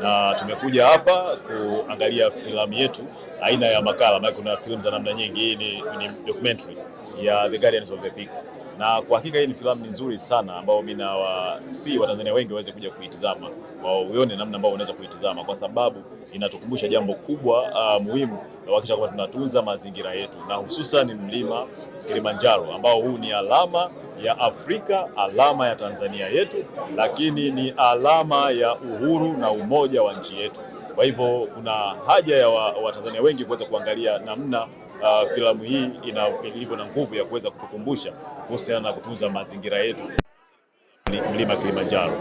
na tumekuja hapa kuangalia filamu yetu aina ya makala, maana kuna filamu za namna nyingi. Hii ni, ni documentary ya The Guardians of the Peak, na kwa hakika hii ni filamu nzuri sana ambayo mimi na si Watanzania wengi waweze kuja kuitizama, wauone namna ambayo unaweza kuitizama, kwa sababu inatukumbusha jambo kubwa uh, muhimu kuhakikisha kwamba tunatunza mazingira yetu na hususan mlima Kilimanjaro ambao huu ni alama ya Afrika, alama ya Tanzania yetu, lakini ni alama ya uhuru na umoja wa nchi yetu. Kwa hivyo kuna haja ya Watanzania wa wengi kuweza kuangalia namna uh, filamu hii ilivyo na nguvu ya kuweza kutukumbusha kuhusiana na kutunza mazingira yetu mlima Kilimanjaro.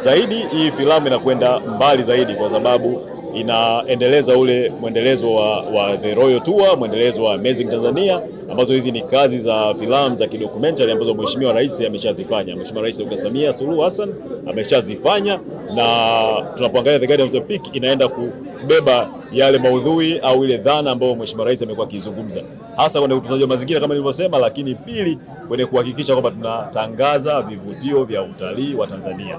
Zaidi hii filamu inakwenda mbali zaidi kwa sababu inaendeleza ule mwendelezo wa, wa The Royal Tour, mwendelezo wa Amazing Tanzania, ambazo hizi ni kazi za filamu za kidokumentary ambazo Mheshimiwa Rais ameshazifanya. Mheshimiwa Rais Dr. Samia Suluhu Hassan ameshazifanya, na tunapoangalia The Guardian of the Peak inaenda kubeba yale maudhui au ile dhana ambayo Mheshimiwa Rais amekuwa akizungumza, hasa kwenye utunzaji wa mazingira kama nilivyosema, lakini pili kwenye kuhakikisha kwamba tunatangaza vivutio vya utalii wa Tanzania.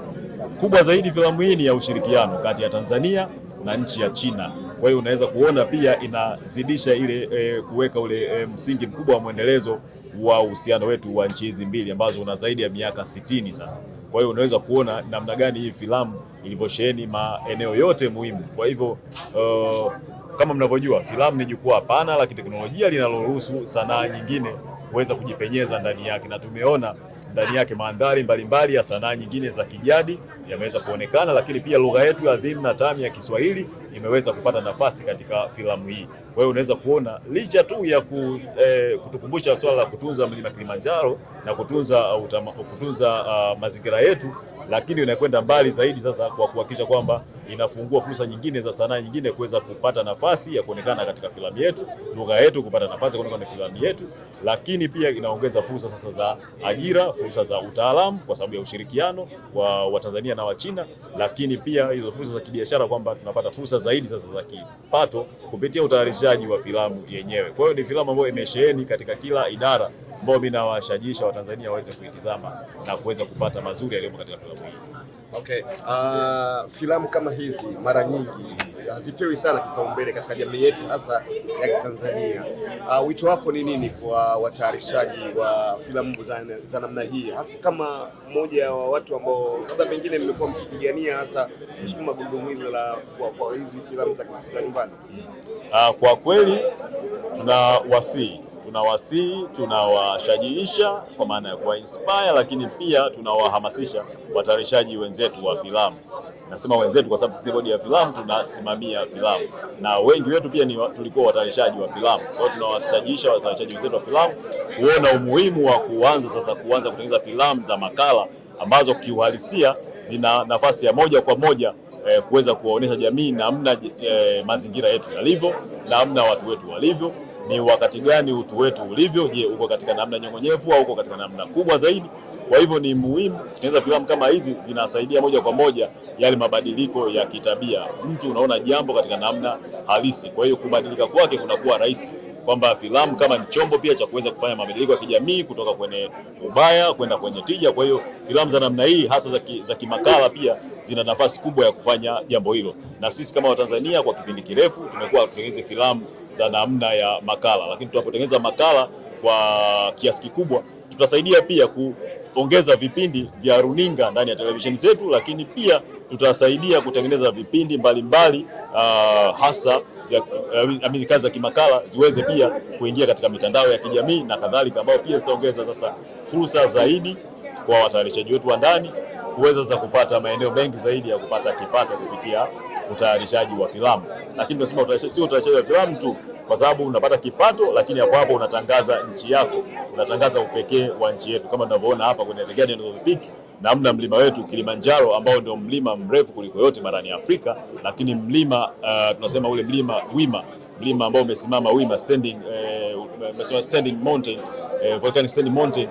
Kubwa zaidi filamu hii ni ya ushirikiano kati ya Tanzania na nchi ya China. Kwa hiyo unaweza kuona pia inazidisha ile e, kuweka ule e, msingi mkubwa wa mwendelezo wa uhusiano wetu wa nchi hizi mbili ambazo una zaidi ya miaka sitini sasa. Kwa hiyo unaweza kuona namna gani hii filamu ilivyosheheni maeneo yote muhimu. Kwa hivyo uh, kama mnavyojua filamu ni jukwaa pana la kiteknolojia linaloruhusu sanaa nyingine kuweza kujipenyeza ndani yake na tumeona ndani yake mandhari mbalimbali ya sanaa nyingine za kijadi yameweza kuonekana, lakini pia lugha yetu adhimu na tamu ya Kiswahili imeweza kupata nafasi katika filamu hii. Kwa hiyo unaweza kuona licha tu ya ku, eh, kutukumbusha swala la kutunza mlima Kilimanjaro na kutunza, uh, utama, kutunza uh, mazingira yetu, lakini inakwenda mbali zaidi sasa kwa kuhakikisha kwamba inafungua fursa nyingine za sanaa nyingine kuweza kupata nafasi ya kuonekana katika filamu yetu, lugha yetu kupata nafasi ya kuonekana katika filamu yetu, lakini pia inaongeza fursa sasa za ajira, fursa za utaalamu kwa sababu ya ushirikiano wa Watanzania na Wachina, lakini pia hizo fursa za kibiashara kwamba tunapata fursa zaidi sasa za kipato kupitia utayarishaji wa filamu yenyewe. Kwa hiyo ni filamu ambayo imesheheni katika kila idara ambayo mimi nawashajiisha Watanzania waweze kuitizama na kuweza kupata mazuri yaliyomo katika filamu hii. Okay. Uh, filamu kama hizi mara nyingi hazipewi sana kipaumbele katika jamii yetu hasa ya Tanzania. Uh, wito wako ni nini kwa watayarishaji wa filamu za, za namna hii hasa kama mmoja wa watu ambao labda pengine mmekuwa mkipigania hasa kusukuma gurudumu hili la kwa, kwa hizi filamu za nyumbani? Uh, kwa kweli wasii tunawasii tunawashajiisha kwa maana ya kuwa inspire, lakini pia tunawahamasisha watayarishaji wenzetu wa filamu. Nasema wenzetu kwa sababu sisi bodi ya filamu tunasimamia filamu na wengi wetu pia ni tulikuwa watayarishaji wa filamu. Kwa hiyo tunawashajiisha watayarishaji wenzetu wa filamu kuona umuhimu wa kuanza sasa, kuanza kutengeneza filamu za makala ambazo kiuhalisia zina nafasi ya moja kwa moja eh, kuweza kuwaonyesha jamii namna eh, mazingira yetu yalivyo, namna watu wetu walivyo ni wakati gani utu wetu ulivyo. Je, uko katika namna nyong'onyevu au uko katika namna kubwa zaidi? Kwa hivyo ni muhimu kutengeneza filamu kama hizi, zinasaidia moja kwa moja yale mabadiliko ya kitabia. Mtu unaona jambo katika namna halisi, kwa hiyo kubadilika kwake kunakuwa rahisi kwamba filamu kama ni chombo pia cha kuweza kufanya mabadiliko ya kijamii kutoka kwenye ubaya kwenda kwenye tija. Kwa hiyo filamu za namna hii hasa za, ki, za kimakala pia zina nafasi kubwa ya kufanya jambo hilo, na sisi kama Watanzania kwa kipindi kirefu tumekuwa tutengeneze filamu za namna ya makala, lakini tunapotengeneza makala kwa kiasi kikubwa tutasaidia pia ku tutaongeza vipindi vya runinga ndani ya televisheni zetu, lakini pia tutasaidia kutengeneza vipindi mbalimbali mbali, uh, hasa uh, kazi za kimakala ziweze pia kuingia katika mitandao ya kijamii na kadhalika, ambao pia zitaongeza sasa fursa zaidi kwa watayarishaji wetu wa ndani kuweza za kupata maeneo mengi zaidi ya kupata kipato kupitia utayarishaji wa filamu, lakini tunasema sio utayarishaji wa filamu tu kwa sababu unapata kipato, lakini hapo hapo unatangaza nchi yako, unatangaza upekee wa nchi yetu, kama tunavyoona hapa kwenye The Guardian of the Peak namna mlima wetu Kilimanjaro ambao ndio mlima mrefu kuliko yote barani Afrika, lakini mlima uh, tunasema ule mlima wima, mlima ambao umesimama wima standing, eh, standing mountain, eh, volcanic standing mountain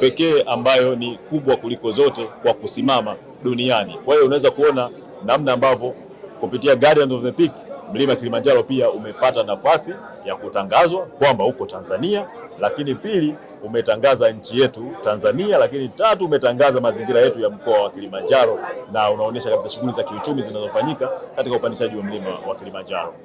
pekee ambayo ni kubwa kuliko zote kwa kusimama duniani. Kwa hiyo unaweza kuona namna ambavyo kupitia Guardian of the Peak mlima Kilimanjaro pia umepata nafasi ya kutangazwa kwamba uko Tanzania, lakini pili umetangaza nchi yetu Tanzania, lakini tatu umetangaza mazingira yetu ya mkoa wa Kilimanjaro na unaonyesha kabisa shughuli za kiuchumi zinazofanyika katika upandishaji wa mlima wa Kilimanjaro.